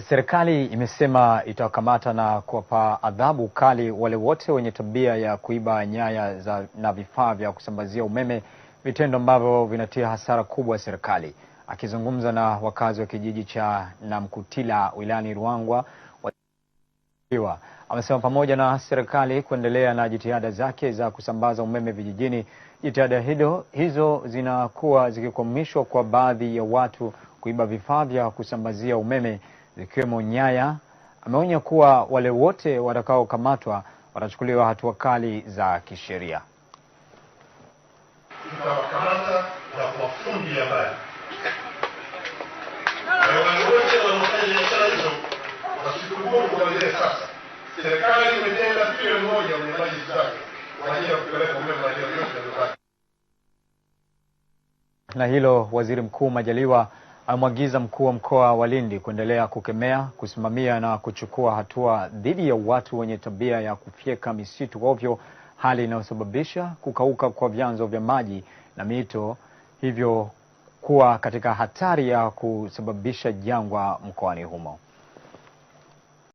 Serikali imesema itawakamata na kuwapa adhabu kali wale wote wenye tabia ya kuiba nyaya za na vifaa vya kusambazia umeme, vitendo ambavyo vinatia hasara kubwa serikali. Akizungumza na wakazi wa kijiji cha Namkutila wilayani Ruangwa, wa... amesema pamoja na serikali kuendelea na jitihada zake za kusambaza umeme vijijini, jitihada hizo hizo zinakuwa zikikwamishwa kwa baadhi ya watu kuiba vifaa vya kusambazia umeme zikiwemo Nyaya, ameonya kuwa wale wote watakaokamatwa watachukuliwa hatua kali za kisheria. Tutawakamata na kuwafungia mbali wale wote wanaofanya biashara hizo, kuanzia sasa. Serikali imetenga zake kwa ajili ya kupeleka umeme maeneo yote yaliyobaki. Na hilo Waziri Mkuu Majaliwa amwagiza mkuu wa mkoa wa Lindi kuendelea kukemea, kusimamia na kuchukua hatua dhidi ya watu wenye tabia ya kufyeka misitu ovyo, hali inayosababisha kukauka kwa vyanzo vya maji na mito, hivyo kuwa katika hatari ya kusababisha jangwa mkoani humo.